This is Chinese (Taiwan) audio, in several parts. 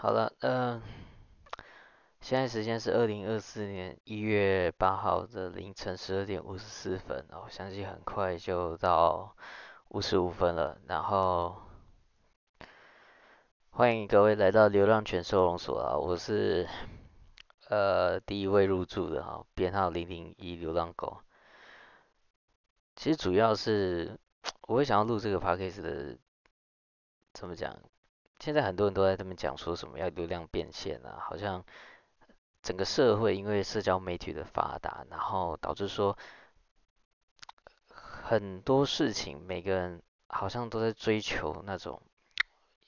好了，嗯、呃，現在時間是二零二四年一月八號的凌晨十二點五十四分哦，我相信很快就到五十五分了。然後歡迎各位來到流浪犬收容所啊，我是呃第一位入住的哈，編號零零一流浪狗。其實主要是我也想要錄這個 podcast 的，怎麼講？現在很多人都在這邊講說什麼要流量變現啊，好像整個社會因為社交媒體的發達，然後導致說很多事情，每個人好像都在追求那種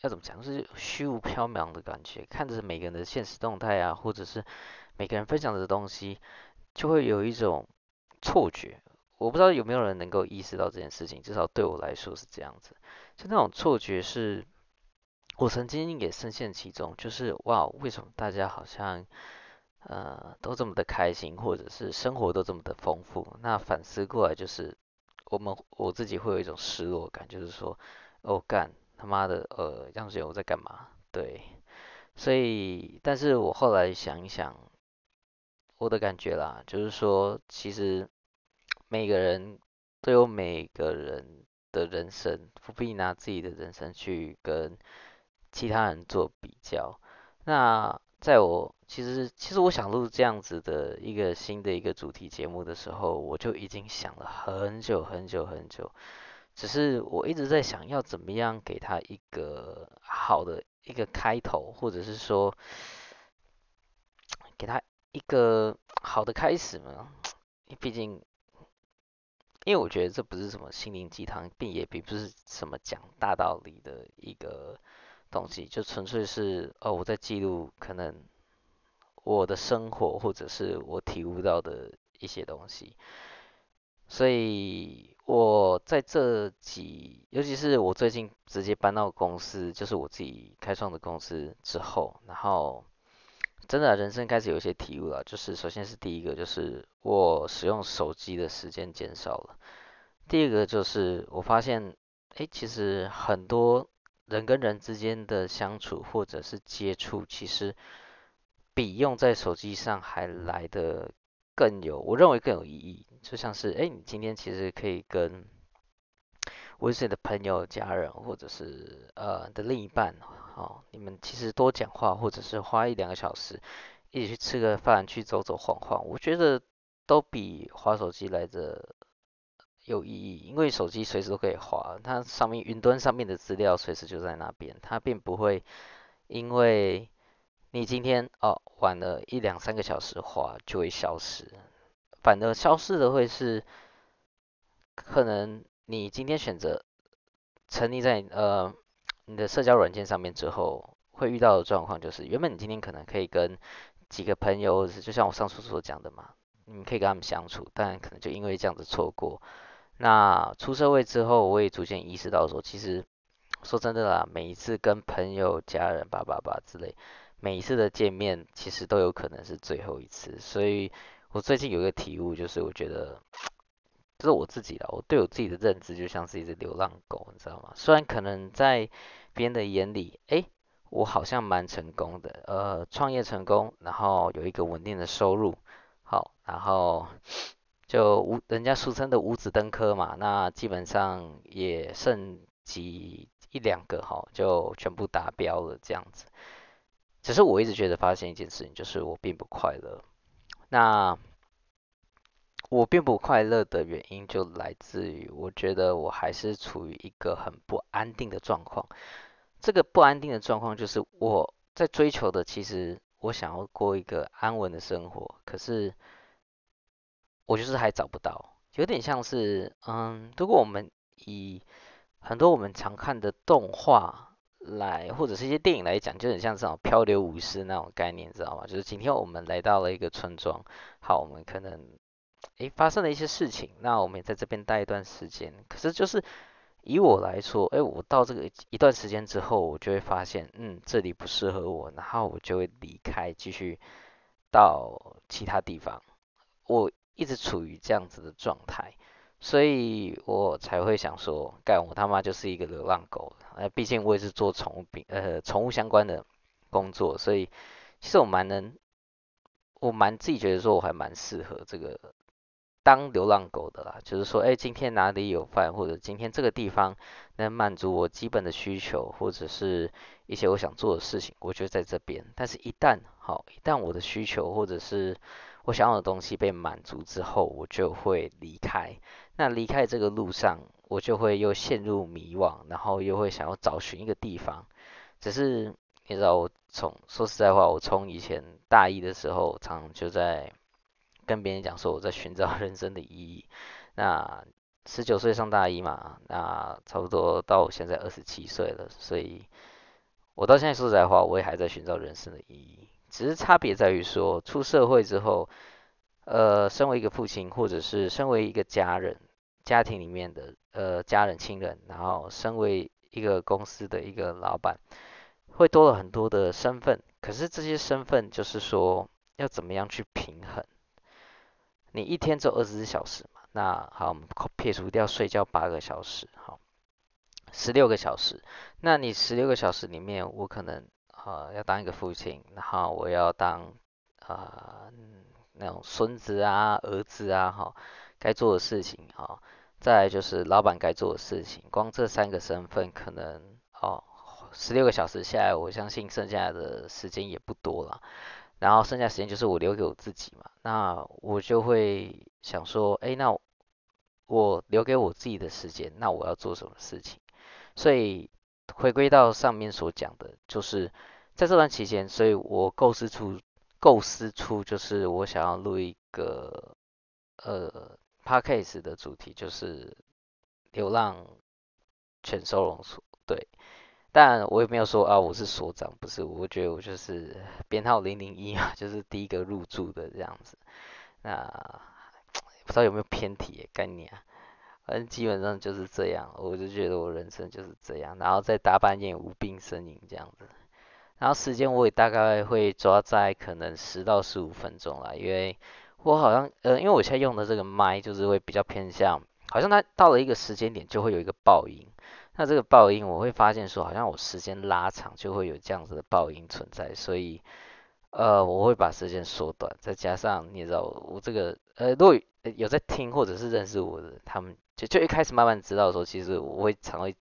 要怎麼講，就是虛無縹緲的感覺。看着每個人的現實動態啊，或者是每個人分享的東西，就會有一種錯覺。我不知道有沒有人能夠意識到這件事情，至少對我來說是這樣子。就那種錯覺是。我曾經也深陷其中，就是哇，為什麼大家好像呃都這麼的開心，或者是生活都這麼的豐富？那反思過來，就是我們我自己會有一種失落感，就是說，哦幹他媽的，呃，樣子我在幹嘛？對，所以，但是我後來想一想，我的感覺啦，就是說，其實每個人都有每個人的人生，不必拿自己的人生去跟。其他人做比較，那在我其實其實我想錄這樣子的一個新的一個主題節目的時候，我就已經想了很久很久很久，只是我一直在想要怎麼樣給他一個好的一個開頭，或者是說給他一個好的開始嘛，因為畢竟，因為我覺得這不是什麼心靈雞湯，並也並不是什麼講大道理的一個。東西就純粹是哦，我在記錄可能我的生活，或者是我體悟到的一些東西。所以，我在這幾，尤其是我最近直接搬到公司，就是我自己開創的公司之後，然後真的、啊、人生開始有一些體悟了。就是，首先是第一個，就是我使用手機的時間減少了；第二個，就是我發現，哎、欸，其實很多。人跟人之間的相處，或者是接觸，其實比用在手機上還來的更有，我認為更有意義。就像是，哎、欸，你今天其實可以跟微信的朋友、家人，或者是呃的另一半，哦，你們其實多講話，或者是花一兩個小時一起去吃個飯，去走走晃晃，我覺得都比滑手機來的。有意義，因為手機隨時都可以滑，它上面雲端上面的資料隨時就在那邊，它並不會因為你今天哦玩了一兩三個小時滑就會消失，反而消失的會是可能你今天選擇沉溺在呃你的社交軟件上面之後，會遇到的狀況就是，原本你今天可能可以跟幾個朋友，就像我上次所講的嘛，你們可以跟他們相處，但可能就因為這樣子錯過。那出社會之後，我也逐漸意識到說，其實說真的啦，每一次跟朋友、家人、爸爸、爸之類，每一次的見面，其實都有可能是最後一次。所以我最近有一個體悟，就是我覺得，就是我自己啦，我對我自己的認知就像是一隻流浪狗，你知道嗎？雖然可能在別人的眼裡，誒、欸，我好像蠻成功的，呃，創業成功，然後有一個穩定的收入，好，然後。就人家俗稱的五子登科嘛，那基本上也剩幾一兩個哈，就全部達標了這樣子。只是我一直覺得發現一件事情，就是我並不快樂。那我並不快樂的原因，就來自於我覺得我還是處於一個很不安定的狀況。這個不安定的狀況，就是我在追求的，其實我想要過一個安穩的生活，可是。我就是還找不到，有點像是，嗯，如果我們以很多我們常看的動畫來，或者是一些電影來講，就很像這種《漂流武士》那種概念，知道嗎？就是今天我們來到了一個村莊，好，我們可能，誒，發生了一些事情，那我們也在這邊待一段時間。可是就是以我來說，誒，我到這個一段時間之後，我就會發現，嗯，這裡不適合我，然後我就會離開，繼續到其他地方。我。一直處於這樣子的狀態，所以我才會想說，幹我他媽就是一個流浪狗了。呃，畢竟我也是做寵物品呃寵物相關的工作，所以其實我蠻能，我蠻自己覺得說我還蠻適合這個當流浪狗的啦。就是說，誒、欸，今天哪裡有飯，或者今天這個地方能滿足我基本的需求，或者是一些我想做的事情，我覺得在這邊。但是一旦好，一旦我的需求或者是我想要的東西被滿足之後，我就會離開。那離開這個路上，我就會又陷入迷惘，然後又會想要找尋一個地方。只是你知道，我從說實在話，我從以前大一的時候，常就在跟別人講說我在尋找人生的意義。那十九歲上大一嘛，那差不多到我現在二十七歲了，所以，我到現在說實在話，我也還在尋找人生的意義。只是差別在於說，出社會之後，呃，身為一個父親，或者是身為一個家人，家庭裡面的呃家人親人，然後身為一個公司的一個老闆，會多了很多的身份。可是這些身份就是說，要怎麼樣去平衡？你一天只有二十四小時嘛，那好，我們撇除掉睡覺八個小時，好，十六個小時。那你十六個小時裡面，我可能。好、呃，要當一個父親，然後我要當啊、呃、那種孫子啊、兒子啊，哈，該做的事情，哈，再來就是老闆該做的事情。光這三個身份，可能哦，十六個小時下來，我相信剩下的時間也不多了。然後剩下的時間就是我留給我自己嘛，那我就會想說，哎、欸，那我，我留給我自己的時間，那我要做什麼事情？所以。回歸到上面所講的，就是在這段期間，所以我構思出、構思出，就是我想要錄一個呃 podcast 的主題，就是流浪犬收容所。對，但我也沒有說啊，我是所長，不是，我覺得我就是編號零零一啊，就是第一個入住的這樣子。那不知道有沒有偏題概、欸、念啊？嗯，基本上就是這樣，我就覺得我人生就是這樣，然後在大半夜無病呻吟這樣子，然後時間我也大概會抓在可能十到十五分鐘啦，因為我好像呃，因為我現在用的這個麥就是會比較偏向，好像它到了一個時間點就會有一個爆音，那這個爆音我會發現說好像我時間拉長就會有這樣子的爆音存在，所以呃我會把時間縮短，再加上你也知道我，我這個呃，如果、呃、有在聽或者是認識我的他們。就就一開始慢慢知道的時候，其實我會常會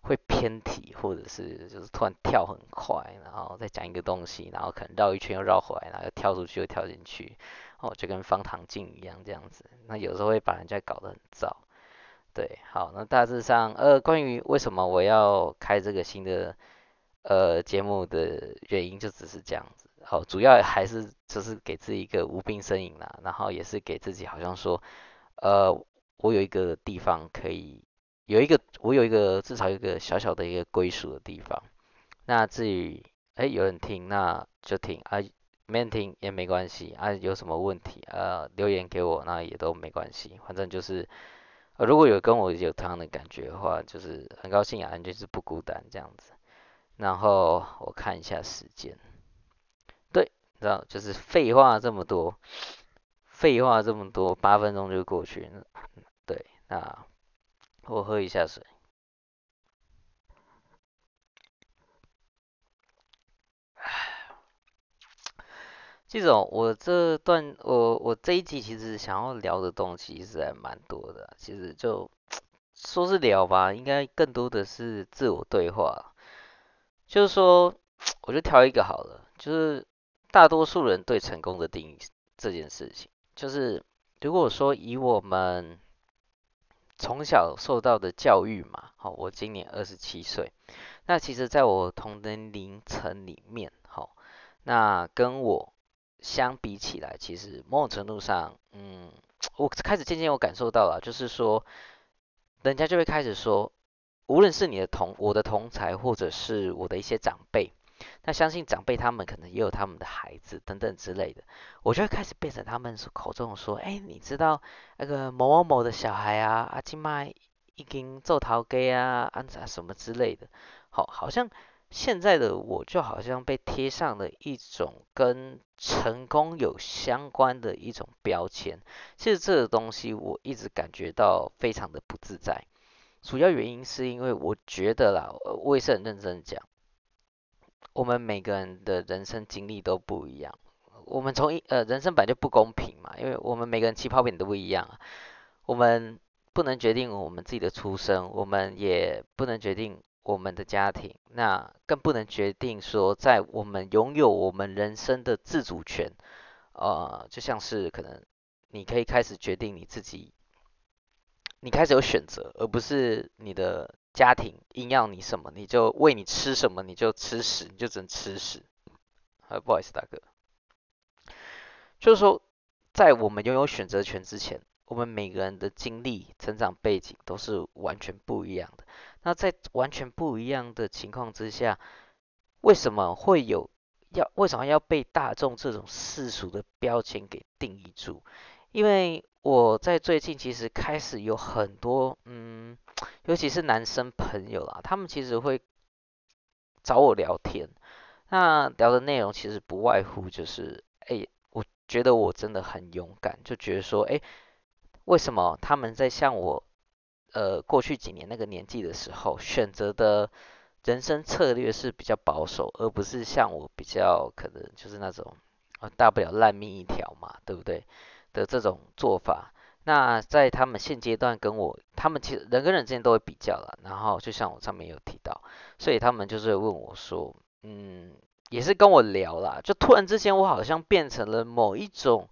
會偏題，或者是就是突然跳很快，然後再講一個東西，然後可能繞一圈又繞回來，然後又跳出去又跳進去，哦，就跟方唐鏡一樣這樣子。那有時候會把人家搞得很糟。對，好，那大致上，呃，關於為什麼我要開這個新的呃節目的原因，就只是這樣子。好，主要還是就是給自己一個無病呻吟啦，然後也是給自己好像說，呃。我有一個地方可以有一個，我有一個至少有一個小小的一個歸屬的地方。那至於哎、欸、有人聽那就聽啊，沒人聽也沒關係啊。有什麼問題呃、啊、留言給我那也都沒關係，反正就是、啊、如果有跟我有同樣的感覺的話，就是很高興啊，就是不孤單這樣子。然後我看一下時間，對，你知道就是廢話這麼多，廢話這麼多，八分鐘就過去了。啊，我喝一下水。這種我這段我我這一集其實想要聊的東西其實還蠻多的，其實就說是聊吧，應該更多的是自我對話。就是說，我就挑一個好了，就是大多數人對成功的定義，這件事情，就是如果說以我們。從小受到的教育嘛，好，我今年二十七歲，那其實在我同年齡層裡面，好，那跟我相比起來，其實某種程度上，嗯，我開始漸漸我感受到了，就是說，人家就會開始說，無論是你的同，我的同才，或者是我的一些長輩。那相信長輩他們可能也有他們的孩子等等之類的，我就會開始變成他們口中說，哎、欸，你知道那個某某某的小孩啊，阿今嘛已經做頭家啊，安怎、啊啊、什麼之類的，好，好像現在的我就好像被貼上了一種跟成功有相關的一種標籤，其實這個東西我一直感覺到非常的不自在，主要原因是因為我覺得啦，我也是很認真講。我們每個人的人生經歷都不一樣。我們從一，呃，人生本來就不公平嘛，因為我們每個人起跑點都不一樣。我們不能決定我們自己的出生，我們也不能決定我們的家庭，那更不能決定說，在我們擁有我們人生的自主權。呃，就像是可能，你可以開始決定你自己，你開始有選擇，而不是你的。家庭硬要你什麼，你就餵你吃什麼，你就吃屎，你就只能吃屎。不好意思，大哥，就是說，在我們擁有選擇權之前，我們每個人的經歷、成長背景都是完全不一樣的。那在完全不一樣的情況之下，為什麼會有要？為什麼要被大眾這種世俗的標籤給定義住？因為我在最近其實開始有很多，嗯。尤其是男生朋友啦，他們其實會找我聊天，那聊的內容其實不外乎就是，哎、欸，我覺得我真的很勇敢，就覺得說，哎、欸，為什麼他們在像我，呃，過去幾年那個年紀的時候，選擇的人生策略是比較保守，而不是像我比較可能就是那種，大不了爛命一條嘛，對不對？的這種做法。那在他們現階段跟我，他們其實人跟人之間都會比較了，然後就像我上面有提到，所以他們就是問我說，嗯，也是跟我聊啦，就突然之間我好像變成了某一種，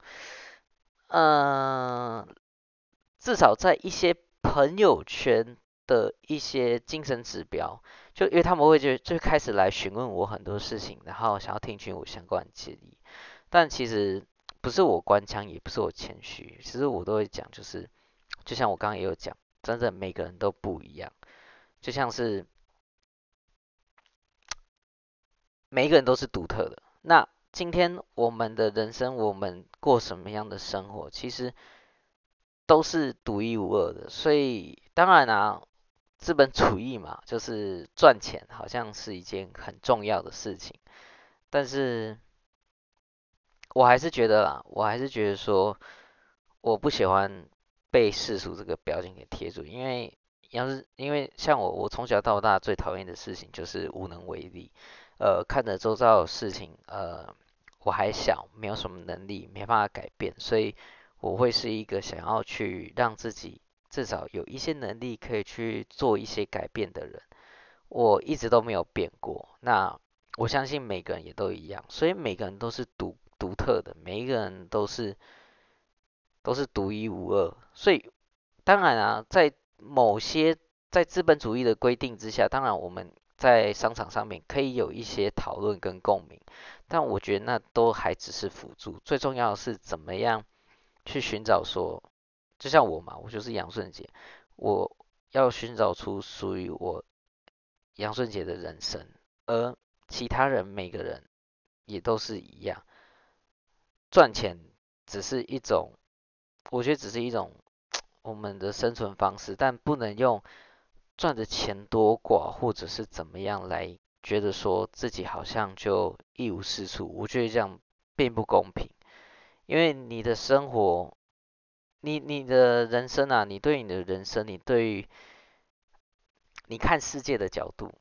嗯、呃，至少在一些朋友圈的一些精神指標，就因為他們會就就開始來詢問我很多事情，然後想要聽取我相關的建議，但其實。不是我官腔，也不是我謙虛，其實我都會講，就是就像我剛剛也有講，真的每個人都不一樣，就像是每個人都是獨特的。那今天我們的人生，我們過什麼樣的生活，其實都是獨一無二的。所以當然啊，資本主義嘛，就是賺錢好像是一件很重要的事情，但是。我還是覺得啦，我還是覺得說，我不喜歡被世俗這個標籤給貼住，因為要是因為像我，我從小到大最討厭的事情就是無能為力，呃，看着周遭的事情，呃，我還小，沒有什麼能力，沒辦法改變，所以我會是一個想要去讓自己至少有一些能力可以去做一些改變的人。我一直都沒有變過，那我相信每個人也都一樣，所以每個人都是獨特的每一個人都是，都是獨一無二，所以當然啊，在某些在資本主義的規定之下，當然我們在商場上面可以有一些討論跟共鳴，但我覺得那都還只是輔助，最重要的是怎麼樣去尋找說，就像我嘛，我就是楊順杰，我要尋找出屬於我楊順杰的人生，而其他人每個人也都是一樣。賺錢只是一種，我覺得只是一種我們的生存方式，但不能用賺的錢多寡或者是怎麼樣來覺得說自己好像就一無是處。我覺得這樣並不公平，因為你的生活，你你的人生啊，你對你的人生，你對於你看世界的角度。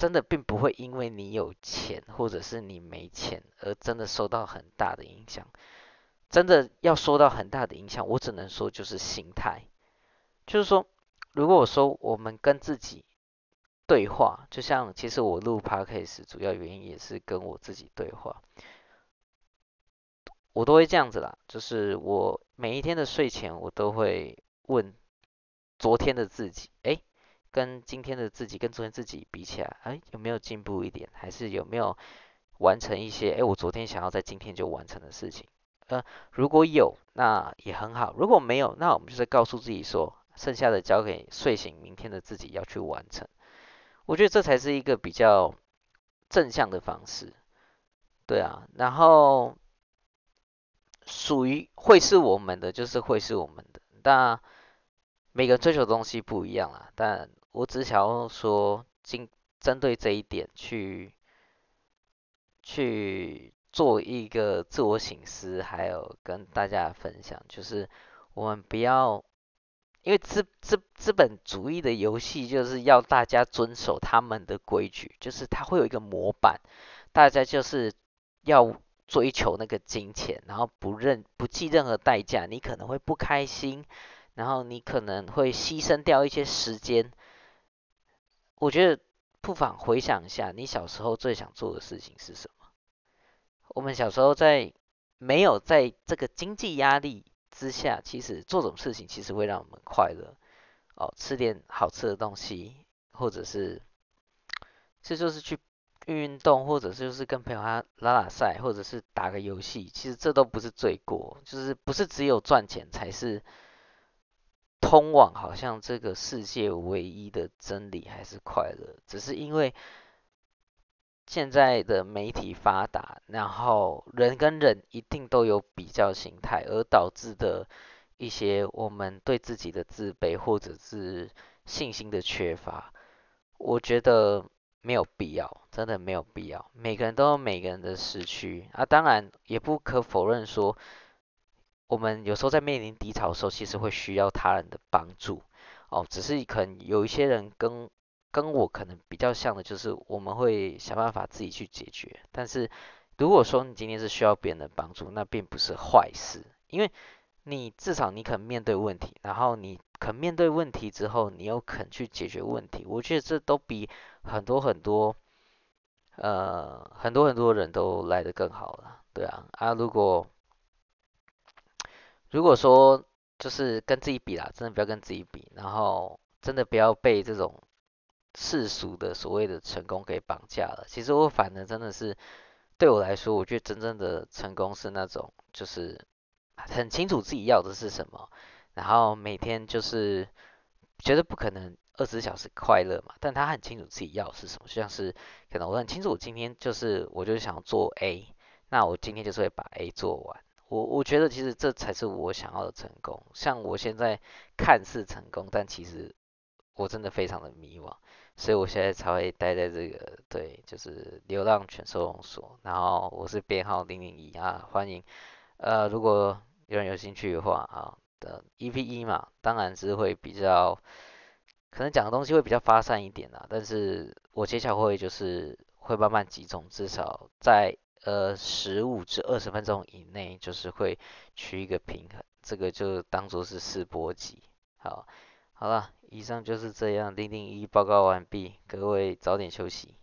真的並不會因為你有錢或者是你沒錢而真的受到很大的影響，真的要受到很大的影響，我只能說就是心態。就是說，如果我說我們跟自己對話，就像其實我錄 podcast 主要原因也是跟我自己對話，我都會這樣子啦，就是我每一天的睡前我都會問昨天的自己，哎、欸。跟今天的自己、跟昨天自己比起來，哎、欸，有沒有進步一點？還是有沒有完成一些？哎、欸，我昨天想要在今天就完成的事情，呃，如果有，那也很好；如果沒有，那我們就是告訴自己說，剩下的交給睡醒明天的自己要去完成。我覺得這才是一個比較正向的方式，對啊。然後屬於會是我們的，就是會是我們的。但每個追求的東西不一樣啊，但。我只想要說，針針對這一點去去做一個自我省思，還有跟大家分享，就是我們不要，因為資資資本主義的遊戲就是要大家遵守他們的規矩，就是他會有一個模板，大家就是要追求那個金錢，然後不認不計任何代價，你可能會不開心，然後你可能會犧牲掉一些時間。我覺得不妨回想一下，你小時候最想做的事情是什麼？我們小時候在沒有在這個經濟壓力之下，其實做這種事情其實會讓我們快樂。哦，吃點好吃的東西，或者是，這就，就是去運運動，或者是就是跟朋友他拉拉賽，或者是打個遊戲，其實這都不是罪過，就是不是只有賺錢才是。通往好像這個世界唯一的真理還是快樂，只是因為現在的媒體發達，然後人跟人一定都有比較心態，而導致的一些我們對自己的自卑或者是信心的缺乏，我覺得沒有必要，真的沒有必要。每個人都有每個人的時區，啊，當然也不可否認說。我們有時候在面臨低潮的時候，其實會需要他人的幫助，哦，只是可能有一些人跟跟我可能比較像的，就是我們會想辦法自己去解決。但是如果說你今天是需要別人的幫助，那並不是壞事，因為你至少你肯面對問題，然後你肯面對問題之後，你又肯去解決問題，我覺得這都比很多很多，呃，很多很多人都來得更好了，對啊，啊，如果。如果說就是跟自己比啦，真的不要跟自己比，然後真的不要被這種世俗的所謂的成功給綁架了。其實我反而真的是，對我來說，我覺得真正的成功是那種就是很清楚自己要的是什麼，然後每天就是覺得不可能二十四小時快樂嘛，但他很清楚自己要的是什麼，就像是可能我很清楚，我今天就是我就想做 A，那我今天就是會把 A 做完。我我覺得其實這才是我想要的成功。像我現在看似成功，但其實我真的非常的迷惘，所以我現在才會待在這個，對，就是流浪犬收容所。然後我是編號零零一啊，歡迎。呃，如果有人有興趣的話啊，等 EP1 嘛，當然是會比較，可能講的東西會比較發散一點啦，但是我接下來會就是會慢慢集中，至少在。呃，十五至二十分鐘以內，就是會取一個平衡，這個就當做是試波級。好，好了，以上就是這樣，零零一報告完畢，各位早點休息。